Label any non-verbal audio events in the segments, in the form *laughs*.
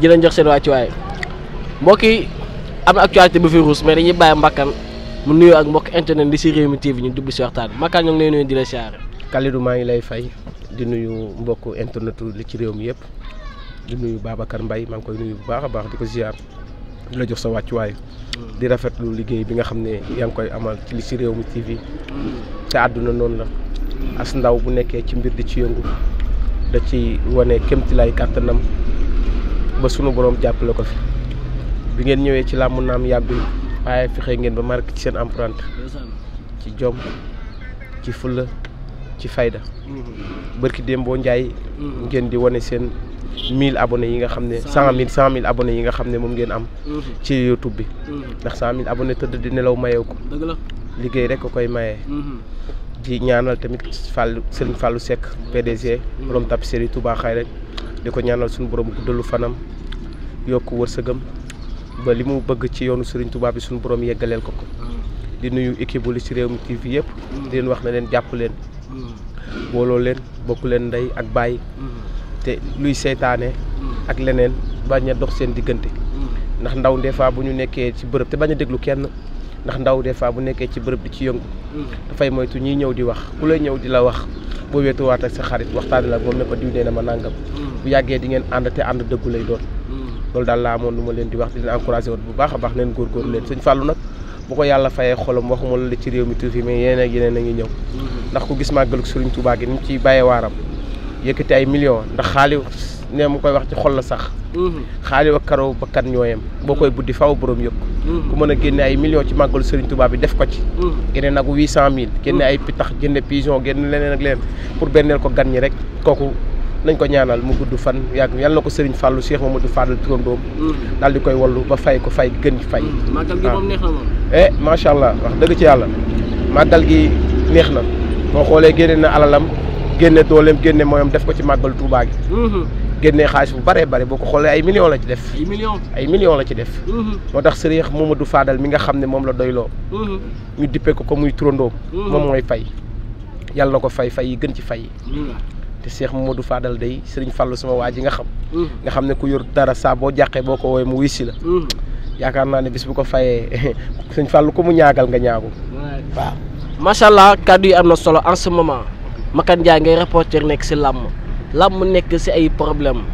di leen jox seen wàccuwaay mbokk yi am na actualité bu fi ruus mais dañuy bàyyi mbakkan mu nuyoo ak mbokk internet di si Rewmi TV ñu dugg si waxtaan mbakkan ñu ngi lay nuyu di la siyaare. Kalidou maa ngi lay fay di nuyu mbokk internetu li ci réew mi yëpp di nuyu Babacar Mbaye maa ngi koy nuyu bu baax a baax di ko ziar di la jox sa wàccuwaay. Hmm. di rafetlu liggéey bi nga xam ne yaa ngi koy amal ci li ci réew mi TV. te àdduna noonu la. as ndaw bu nekkee ci mbir di ci yëngu da ci wane kéemtilaay kàttanam ba sunu boroom jàppale ko fi bi ngeen ñëwee ci làmb naam yàggul waaye fexe ngeen ba marqué ci seen empreinte ci jom ci fulla ci fayda bërki démboo njaay ngeen di wane seen mille abonnés yi nga xam ne cent mille cent mille abonnés yi nga xam ne moom ngeen am ci youtube bi ndax cent mille abonnés tëdd di nelaw mayew ko liggéey rek ko koy mayee mhm. di ñaanal tamit fàllu Serigne Fallou Seck PDG borom tapisserie Touba Xay rek di ko ñaanal suñu borom guddalu fanam yokk wërsëgam ba li mu bëgg ci yoonu Serigne tubaab bi suñu borom yeggaleel ko ko di nuyu équipe bu li ci réew mi TV yëpp di leen wax na leen jàpp leen booloo leen bokk leen ndey ak bàyyi te luy seytaane ak leneen bañ a dox seen diggante ndax ndaw des fois bu ñu nekkee ci bërëb te bañ a déglu kenn ndax ndaw des fois bu nekkee ci bërëb di ci yëngu dafay moytu ñiy ñëw di wax ku lay ñëw di la wax boo weetuwaat ak sa xarit waxtaanee la moom ne diw nee na ma nangam. Mm. bu yàggee di ngeen ànd te ànd dëggu lay doon. Mm. loolu daal laa amoon lu ma leen di wax di leen encouragé woon bu baax a baax neen góorgóorlu leen sëñ Fallou nag bu ko yàlla fayee xolam waxuma la ci réew mi yeneen ak yeneen a ngi ñëw. Mm-hmm. ndax ku gis màggalu Sëriñ Tuubaa gi ni mu ciy bàyyee waaram yëkkati ay millions ndax xaalis nee mu koy wax ci xol la sax mhm. xaali wa karaw bakkan ñooyam boo koy buddi faw boroom yëg mhm. ku mën a génne ay millions ci màggalu Serigne Touba bi def ko ci mhm. génne nag huit cent mille génne ay pitax génne pigeon génne leneen ak leneen pour benneel ko gan ñi rek kooku nañ ko ñaanal mu gudd fan yàgg yàlla na ko Serigne ma Cheikh Mamadou Fadal turandoom daal di koy wallu ba fay ko fay gën fay màggal gi ah. moom na moom eh macha allah wax dëgg ci yàlla màggal gi neex na moo xoolee génne na alalam génne dooleem génne mooyam def ko ci màggalu Touba génnee xaalis bu bëree bëri boo ko xoolee ay millions la ci def. ay millions ay millions la ci def. Mhm. moo tax Serigne Momadou Fadal mi nga xam ne moom la doyloo. Mhm. ñu dippee ko ko muy turandoo mhm. moom mooy fay. yàlla na ko fay fay yi gën ci fay yi. te Cheikh du Fadal day sëriñ Fallou sama waa ji nga xam. nga xam ne ku yor dara saa boo jàqee boo ko woowee mu wuy si la. yaakaar naa ne bis bu ko fayee sëñ *laughs* Fallou ko mu ñaagal nga ñaagu. waaw macha allah kàddu yi am na solo en ce moment Makan ngay reporter nekk si làmm. làmb nekk si ay problème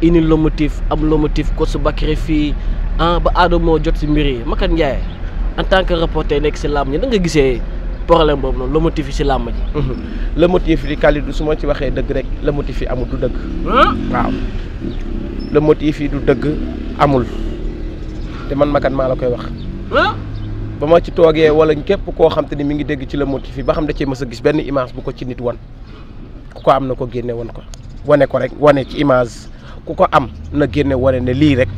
ini lomotif am lomotif ko su Bakary fii ah ba aadamoo jot si mbir yi makat Ndiaye en tant que reporter nekk si làmb ñi da nga gisee problème boobu noonu lomotif yi ci làmb ji. *laughs* lomotif yi Kalidou su ma ci waxee dëgg rek lomotif yi amul du dëgg. waaw lomotif yi du dëgg amul te man Makan maa la koy wax. ba ma ci toogee wala képp koo xam te ni mu ngi dégg ci lomotif yi ba xam da cee mës a gis benn image bu ko ci nit wan ku am na ko génne woon ko. wane ko rek wane ci image ku ko am na génne wane ne lii rek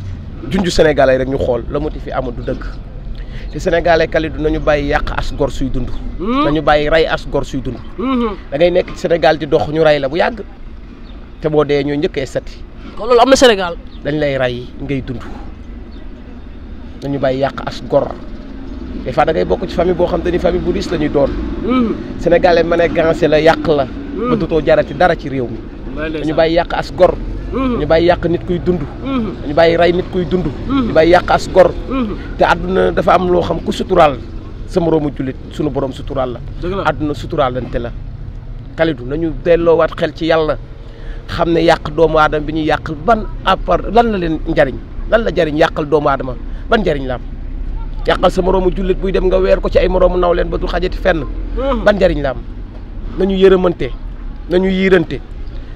junj sénégalais rek ñu xool la mu ti fi amul du dëgg te sénégalais Kalidou nañu bàyyi yàq as gor suy dund. Hmm? nañu bàyyi rey as gor dund. Hmm. da ngay nekk ci di dox ñu rey la bu yàgg te boo dee ñoo njëkkee sati. kon loolu am na senegal dañ lay rey ngay dund nañu bàyyi yàq as gor. des fois bokk ci famille boo xam te ni famille bu riche la ñuy doon. Hmm. sénégalais ma ne gancé la yàq la. ba dootoo jarati dara ci réew mi. dañu bàyyi yàq as gor mhm. dañu bàyyi yàq nit kuy dund mhm. dañu bàyyi rey nit kuy dund mhm. dañu bàyyi yàq as gor te àdduna dafa am loo xam ku suturaal sa moroomu jullit sunu borom suturaal la àdduna suturaalante la Kalidou nañu delloowaat xel ci yàlla xam ne yàq doomu aadama bi ñuy yàq ban appart lan la leen njariñ lan la jariñ yàqal doomu aadama ban njariñ laam am yàqal sa moroomu jullit buy dem nga weer ko ci ay moroomu naw leen ba du xajati fenn ban njariñ la am yërëmante nañu yiirante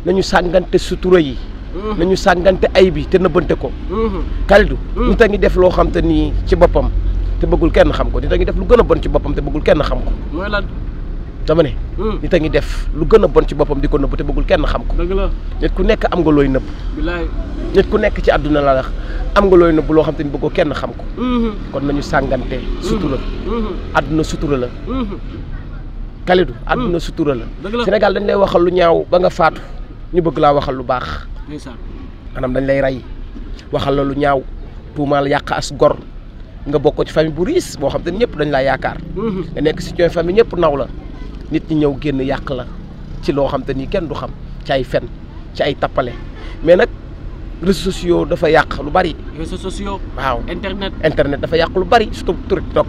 nañu sàngante sutura yi mm-hmm. nañu sàngante ay bi te nëbbante ko mm-hmm. Kalidou mm-hmm. nit a ngi def loo xam te nii ci boppam te bëggul kenn xam ko nit a ngi def lu gën a bon ci boppam te bëggul kenn xam ko mooy lan dama ne mm. nit a ngi def lu gën a bon ci boppam di ko nëbb te bëggul kenn xam ko dëgg nit ku nekk am nga looy nëbb bilaay nit ku nekk ci àdduna la am nga looy nëbb loo xam te ni bëggoo kenn xam ko kon nañu sàngante sutura àdduna sutura la Kalidou àdduna mm. sutura la Sénégal dañ lay waxal lu ñaaw ba nga faatu ñu bëgg laa waxal lu baax. maanaam dañ lay rey waxal la lu ñaaw tuumaal yàq as gor nga bokkoo ci famille bu riis boo xam te ne ñëpp dañ lay yaakaar. Mhm. nga nekk si cooy famille ñëpp naw la nit ñi ñëw génn yàq la ci loo xam te ni kenn du xam ci ay fen ci ay tappale mais nag réseaux sociaux dafa yàq lu bari. réseaux sociaux. waaw internet internet dafa yàq lu bari surtout TikTok.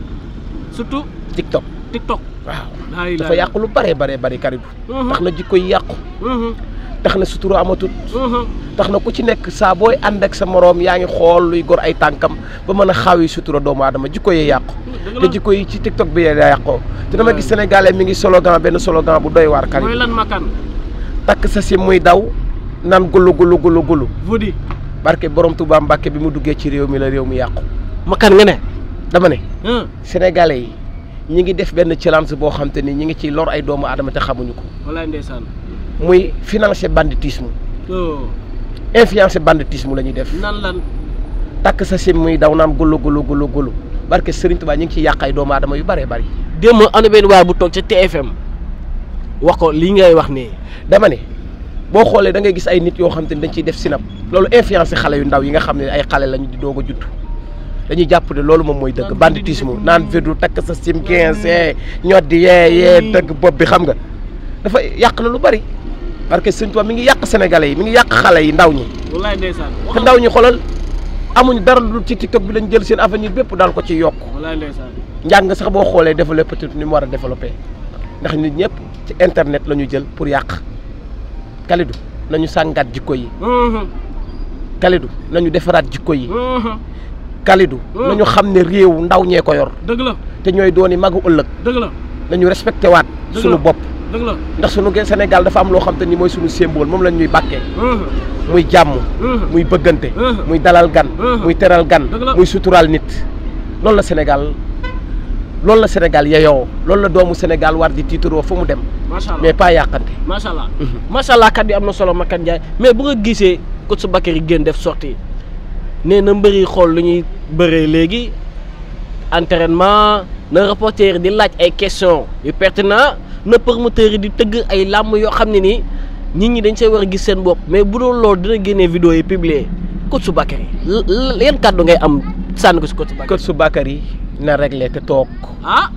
surtout TikTok. TikTok waaw. dafa yàq lu bare bare bari karibu. Mhm. tax na jikko yi yàqu. Mhm. tax na sutura amatut mhm. tax na ku ci nekk saa booy ànd ak sa moroom yaa ngi xool luy gor ay tànkam ba mën a xaawi sutura doomu aadama jikko yee yàqu mm, te jikko yi ci tiktok bi yee yàqoo te dama gis mm. sénégalais mi ngi slogan benn slogan bu doy waar kan mooy lan makan takk sa si muy daw naan gulu gulu gulu gulu vudi barke borom Touba Mbàkke bi mu duggee ci réew mi la réew mi yàqu makan nga ne dama ne mm. sénégalais yi ñi ngi def benn challenge boo xam te ni ñi ngi ciy lor ay doomu aadama te xamuñu ko wallaay ndeysaan muy financer banditisme. Oh. influencer banditisme la ñuy def. nan lan takk sa sim muy daw naam golo golo golo golo barke Serigne Touba ñu ngi ciy yàq ay doomaadama yu bëree bari démb ana benn waay bu toog ca TFM wax ko lii ngay wax nii. dama ne boo xoolee da ngay gis ay nit yoo xam te ne dañ ciy def sinap loolu influencer xale yu ndaw yi nga xam ne ay xale lañu di doog a judd dañuy jàpp loolu moom mooy dëgg banditisme naan védu takk sa sim 15 eh, ñoddi yee eh, eh, yee dëgg bopp bi xam nga dafa yàq na lu bëri. parce que sëñ Tuubaa mi ngi yàq sénégalais yi mi ngi yàq xale yi ndaw ñi. wallaay ndeysaan te ndaw ñi xoolal amuñ dara lu ci tiktok bi lañ jël seen avenir bépp daal ko ci yokk. wallaay ndeysaan njàng sax boo xoolee développé tuuti ni mu war a développé ndax nit ñëpp ci internet la ñu jël pour yàq. Kalidou nañu sàngaat jikko yi. Mm-hmm. Kalidou nañu defaraat jikko yi. Mm-hmm. Kalidou mm-hmm. nañu xam ne réew ndaw ñee ko yor. dëgg la te ñooy dooni magu ëllëg. dëgg la nañu respecté waat. suñu bopp. ndax sunu Sénégal dafa am loo xam te ni mooy sunu symbole moom lañ ñuy bàkkee muy jàmm muy bëggante muy dalal gan muy teral gan muy suturaal nit loolu la Sénégal loolu la Sénégal yeyoo loolu la doomu Sénégal war di tiitaroo fa mu dem mais pas yàqante macha allah macha allah kat bi am na solo Makan Ndiaye mais bu nga gisee coach yi génn def sortie nee na mbëri xool lu ñuy bëree léegi entraînement na reporter di laaj ay question yu pertinent na promoteur yi di tëgg ay làmb yoo xam ne ni nit ñi dañ see war a gis seen bopp mais bu doon loolu dina génnee vidéo yi publier kot su Bakary yan kàddu ngay am sànni ko si coach su Bakary. coach su Bakary na réglé te toog. ah.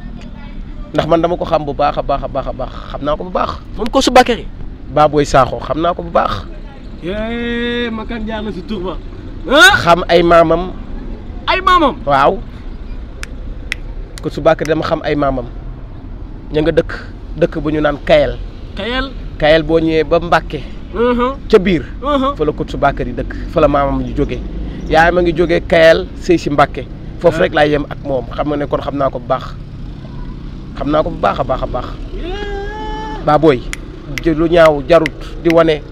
ndax man dama ko xam bu baax a baax a baax a baax xam naa ko bu baax. moom coach su Bakary. Baboy Sakho xam naa ko bu baax. Eh, ma kan si tur xam ay maamam. ay maamam waaw. ko Soubacar dama xam ay maamam ña nga dëkk dëkk bu ñu naan Kayel. Kayel Kayel boo ñëwee ba Mbàkke uh-huh. ca biir. Uh-huh. foo la ko Soubacar yi dëkk fa la maamam ñu jógee. yaay a ngi jógee Kayel sëy si Mbàkke foofu uh-huh. rek laa yem ak moom xam nga ne kon xam naa ko bu baax xam naa ko bu baax a baax a baax. Baboy lu ñaaw jarut di wane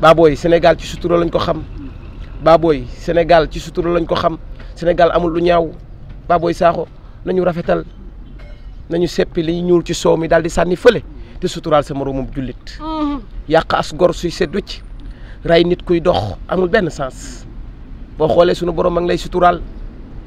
Baboy senegal ci sutura lañ ko xam Baboy Sénégal ci sutura lañ ko xam Sénégal amul lu ñaaw Baboy Sakho. nañu rafetal nañu seppi li ñuul ci soow mi daal di sànni fële te suturaal sa moroomum jullit mm-hmm. yàq as gor suy sedd ci rey nit kuy dox amul benn sens boo xoolee sunu borom a lay suturaal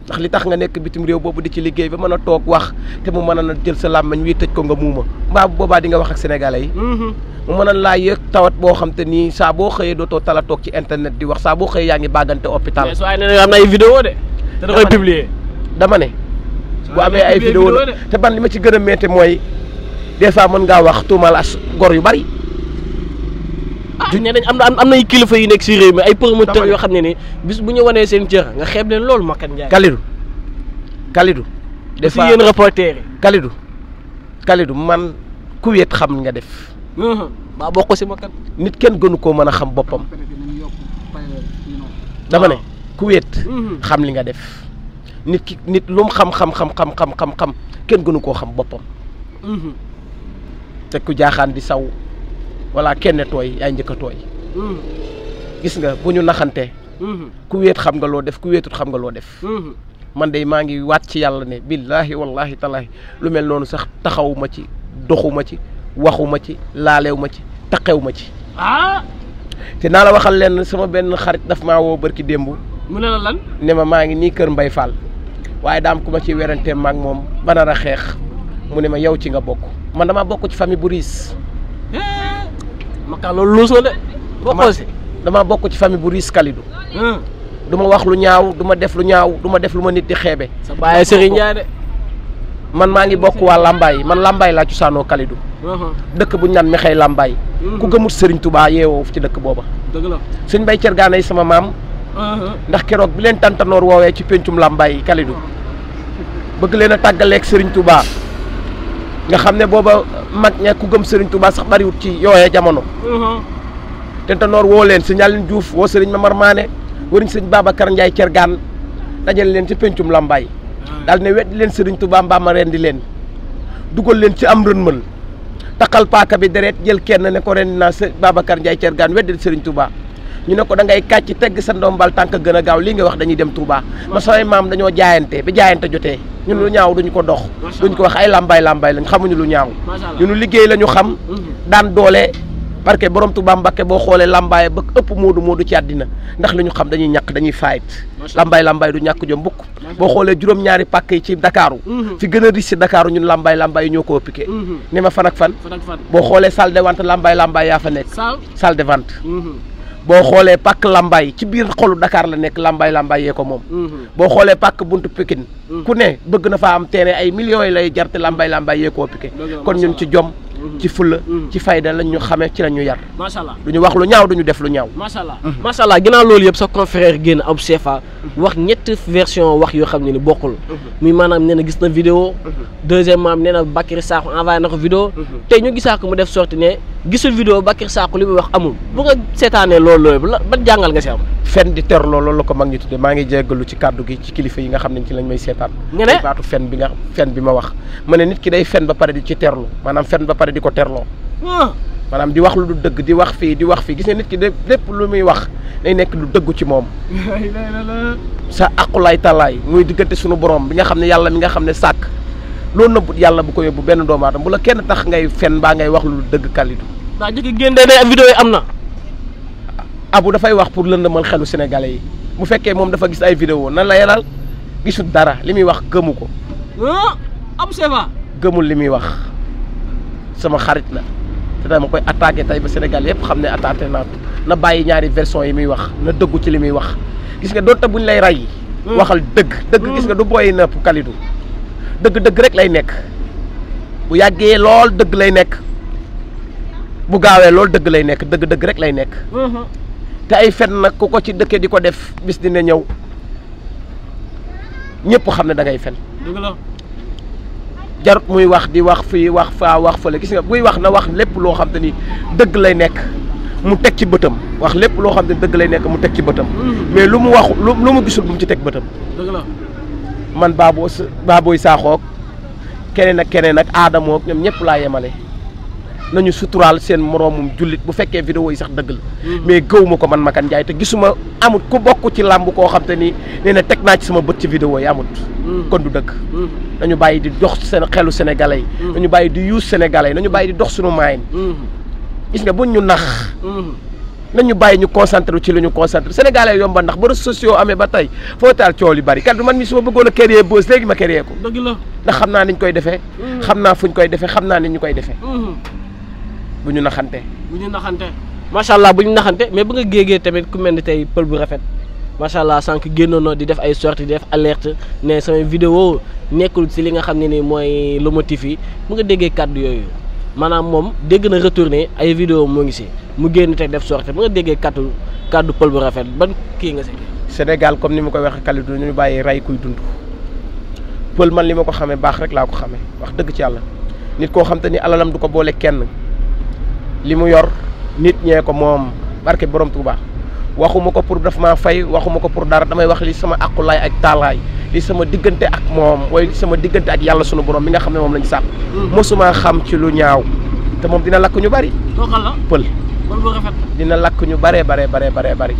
ndax li tax nga nekk bitim réew boobu di ci liggéey ba mën a toog wax te mu mën a jël sa làmmañ wi tëj ko nga muuma mbaa boobaa di nga wax ak sénégalais yi mm-hmm. mu mën a laa yëg tawat boo xam te nii saa boo xëyee dootoo tala toog ci internet di wax saa boo xëyee yaa ngi bàggante hôpital mais su na ay vidéo de te da dama ne bu amee ay vidéo te ban li ma ci gën a métti mooy des fois mën ngaa wax tuumaal as gor yu bari ah ne nañ am na am nay kilifa yu nekk si réew mi ay promoteurs yoo xam ne ni bis bu ñu wanee seen cër nga xeeb leen loolu Makan Ndiaye. Kalidou Kalidou. des fois yéen reporter yi Kalidou man ku weet xam nga def. maa bokk si Makan. nit kenn gënu koo mën a xam boppam. dama ne ah. ku xam li nga def. nit ki nit lum mu xam xam xam xam kenn gënu koo xam boppam. Mm-hmm. te ku jaaxaan di saw wala kenn tooy yaay njëkk a tooy. Mm-hmm. gis nga bu ñu naxante. Mm-hmm. ku wéet xam nga loo def ku wéetut xam nga loo def. man de maa ngi waat ci yàlla ne billaahi wallaahi talaahi lu mel noonu sax taxawuma ci doxuma ci waxuma ci laalewuma ci taqewuma ci. ah. te naa la waxal lenn sama benn xarit daf maa woo barki démb. mu ne la lan. ne ma maa ngi nii kër Mbay Fall. waaye daam ku ma ci werante maag moom banar a xeex mu ne ma yow ci nga bokk man dama bokk ci famille bu riis maka loolu bokk ci famille bu riis Kalidou hmm. du wax lu ñaaw du def lu ñaaw du ma def lu ma nit di xeebe sa baay Serigne Ndiaye man maa ngi bokk waa Lambaay man Lambaay laa cosaanoo Kalidou hmm. dëkk bu ñu naan mexey Lambaay hmm. ku gëmut Serigne Touba yeewoo ci dëkk booba dëgg suñ bay cergaane yi sama maam ndax keroog bi leen tantanoor woowee ci péncum làmbaay yi Kalidou bëgg leen a tàggaleek sëriñ Touba nga xam ne booba mag ña ku gëm Serigne Touba sax bariwut ci yooyee jamono. tantanoor woo leen si Ñalin Diouf woo Serigne Mamar Mané wëriñ sëñ Babacar Ndiaye Thiergane dajal leen ci péncum làmbaay daal ne weddi leen Serigne tubaa mbaa ma rendi leen dugal leen ci am rënmël takkal paaka bi deret jël kenn ne ko rendi naa Babacar Ndiaye Thiergane weddi Serigne Touba. ñu ne ko da ngay kàcc tegg sa ndombal tànk gën a gaaw lii nga wax dañuy dem Touba ma samay maam dañoo jaayante ba jaayante jotee ñun lu ñaaw duñ ko dox duñ ko wax ay lambay lambay lañ xamuñu lu ñaaw ñunu liggéey la ñu xam mm-hmm. daan doole parce que borom Touba Mbakke boo xoolee lambaay ba ëpp moodu moodu ci àddina ndax li ñu xam dañuy ñàkk dañuy faayit lambaay lambaay du ñàkk jom bukk boo xoolee juróom-ñaari pàkk yi ci Dakaaru mm-hmm. fi gën a riche ci ñun lambaay lambaay yi ñoo ko mm-hmm. ma fan fan boo xoolee salle de vente lambaay lambaay yaa fa nekk salle de vente boo xoolee pàkk Lambaye ci biir xolu Dakar la nekk Lambaye Lambaye yee ko moom. Mhm. boo xoolee pàkk buntu Pikine. Mhm. ku ne bëgg na faa am terrain ay millions yi lay jarte Lambaye Lambaye yee koo piqué. kon ñun ci jom. ci fulla mm. ci fayda lañ ñu ci la yar macha wax lu ñaaw du def lu ñaaw macha allah mm-hmm. loolu yëpp sa confrère génn ab CFA mm-hmm. wax ñetti version wax yoo xam ne ni bokkul mm-hmm. muy maanaam nee na gis na vidéo deuxièmement nee na Bakary Sakho envoyé na ko vidéo tey ñu gisaa ko mu def sorti ne gisul vidéo Bakary Sakho li muy wax amul bu nga seetaanee loolu loolu ba jàngal nga si am fen di ter loolu la ko mag ñi tudde maa ngi jéggalu ci kàddu gi ci kilifa yi nga xam ne ci lañ may seetaan baatu bi nga fen bi ki day fen ba di ko terloo ah. maanaam di wax lu du dëgg di wax fii di wax fii gis nga nit ki lépp lu muy wax day nekk lu dëggu ci moom sa aqulaay talaay muy diggante sunu borom bi nga xam ne yàlla nga xam ne sàkk loolu nëbbut yàlla bu ko yóbbu benn doomu bu la kenn tax ngay fen baa ngay wax lu dëgg kàllidu daa jëkk génn day am vidéo yi am na abu dafay wax pour lëndëmal xelu sénégalais yi bu fekkee moom dafa gis ay vidéo nan la yelal gisul dara li muy wax gëmu ko ah, abu seva gëmul li muy wax sama xarit la te ma koy attaqué tey ba Sénégal yëpp xam ne attaqué naa na bàyyi ñaari version yi muy wax na dëggu ci li muy wax gis nga bu ñu lay rey. Hmm. waxal dëgg. dëgg hmm. gis nga du boy nëpp Kalidou dëgg dëgg rek lay nekk bu yàggee lool dëgg lay nekk bu gaawee lool dëgg lay nekk dëgg dëgg rek lay nekk. Hmm. te ay fen nag ku ko ci dëkke di ko def bis dina ñëw ñëpp xam ne dangay fen. jarut muy wax di wax fii wax faa wax fële gis nga buy wax na wax lépp loo xam te ni dëgg lay nekk mu teg ci bëtam wax lépp loo xam te ni dëgg lay nekk mu teg ci bëtam. Mm. mais lu mu wax lu mu gisul bu mu ci teg bëtam. dëgg la man Baboy Baboy Sakho keneen ak keneen ak Adama ak ñoom ñëpp laa yemale. nañu suturaal seen moroomum jullit bu fekkee vidéo yi sax dëgg la mm-hmm. mais ma ko man Makan Ndiaye te gisuma amut ku bokk ci làmb koo xam te ni nee na teg naa ci sama bët ci vidéo yi amut mm-hmm. kon du dëgg mm-hmm. nañu bàyyi di dox seen xelu sénégalais yi nañu bàyyi di yuus sénégalais yi nañu bàyyi di dox suñu maayin is nga buñ ñu nax nañu bàyyi ñu concentré ci li ñu concentré sénégalais yomba ndax ba réseaux sociaux amee ba tey foo taal coow li bari kaddu man mi su ma bëggoon a créer buzz léegi ko dëgg la ndax naa ni koy defee xam naa fu koy defee xam naa ni ñu koy defee bu ñu naxante. bu ñu naxante. macha allah bu ñu naxante mais bu nga géegee tamit ku mel ni tey pël bu rafet macha allah sànq génnoonoo di def ay sorties di def alerte ne samay video nekkul si li nga xam ne ni mooy le motif yi mu nga déggee kàddu yooyu maanaam moom dégg na retourné ay vidéo moo ngi si mu génn tey def sorte bu nga déggee kàddu kàddu pël bu rafet ban kii nga si. Sénégal comme ni ma koy waxee Kalidou ñu bàyyi rey kuy dund pël man li ma ko xamee baax rek laa ko xamee wax dëgg ci yàlla nit koo xam ni alalam du ko boole kenn. li mu yor nit ñee ko moom barke borom Touba waxuma ko pour daf maa fay waxuma ko pour dara damay wax li sama aqulaay ak taalaay li sama diggante ak moom waaye li sama diggante ak yàlla sunu borom mi nga xam ne moom lañu sàpp mm. mosuma xam ci lu ñaaw te moom dina lakk ñu bari pël dina lakk ñu bare bare bare bare bari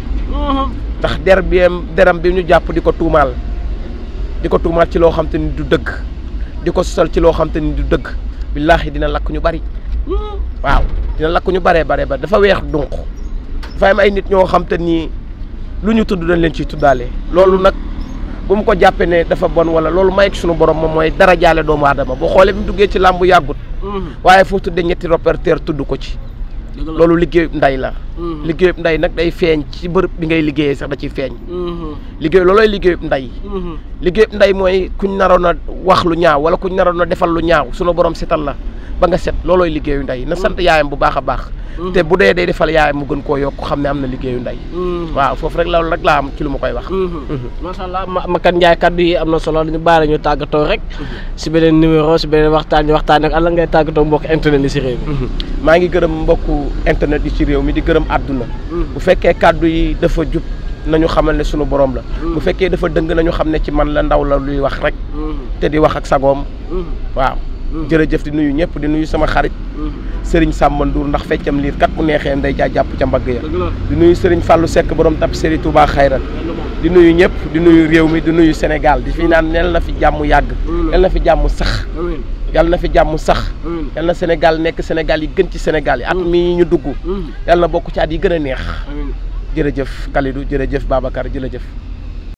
tax mm-hmm. der bi deram bi ñu jàpp di ko tuumaal di ko tuumaal ci loo xam te ni du dëgg di ko sosal ci loo xam te ni du dëgg billaahi dina lakk ñu bari mm-hmm. dina lakk ñu baree bare ba dafa weex dunq dafa am ay nit ñoo xam te ni lu ñu tudd dañ leen ciy tuddaale loolu nag bu mu ko jàppee ne dafa bon wala loolu may ak sunu borom moom mooy dara jaale doomu adama bu xoolee bi mu duggee ci làmbu yàggut mm-hmm. waaye foo tuddee ñetti reporter tudd ko ci loolu liggéeyub nday la mm-hmm. liggéeyub nday nag day feeñ ci bërëb bi ngay liggéeyee sax da ciy feeñ mm-hmm. liggéey loolooy liggéeyub nday mm-hmm. liggéeyub ndey mooy kuñ naroon wax lu ñaaw wala kuñ naroon a defal lu ñaaw sunu borom setal la ba nga set loolooy liggéeyu nday na sant yaayam bu baax a baax Mhm. te bu dee day defal yaay mu gën koo yokk xam ne am na liggéeyu ndey mhm. waaw foofu rek loolu laa am ci lu ma koy wax mhm. macha allah ma Makan Ndiaye kaddu yi am na solo ñu baale ñu tàggatoo rek si beneen numéro si beneen waxtaan ñu waxtaan ak ala ngay tàggatoo mbokk internet yi si réew mi maa ngi gërëm mbokku internet yi ci réew mi di gërëm àdduna bu fekkee kàddu yi dafa jub nañu xamal ne sunu borom la bu fekkee dafa dëng nañu xam ne ci man la ndaw la luy wax rek te di wax ak sagoom waaw jërëjëf di nuyu ñëpp di nuyu sama xarit sëriñ Samba Ndour ndax feccam liir kat bu neexee nday jaa jàpp ca mbagg ya di nuyu sëriñ Fallou Seck borom tap sëriñ Touba xayran di nuyu ñëpp di nuyu réew mi di nuyu Sénégal di fi naan nel na fi jàmm yàgg nel na fi jàmm sax yàlla na fi jàmm sax yàlla na Sénégal nekk Sénégal yi gën ci Sénégal yi at mi ñu dugg yàlla na bokk ci yi gën a neex jërëjëf Kalidou jërëjëf Babacar jërëjëf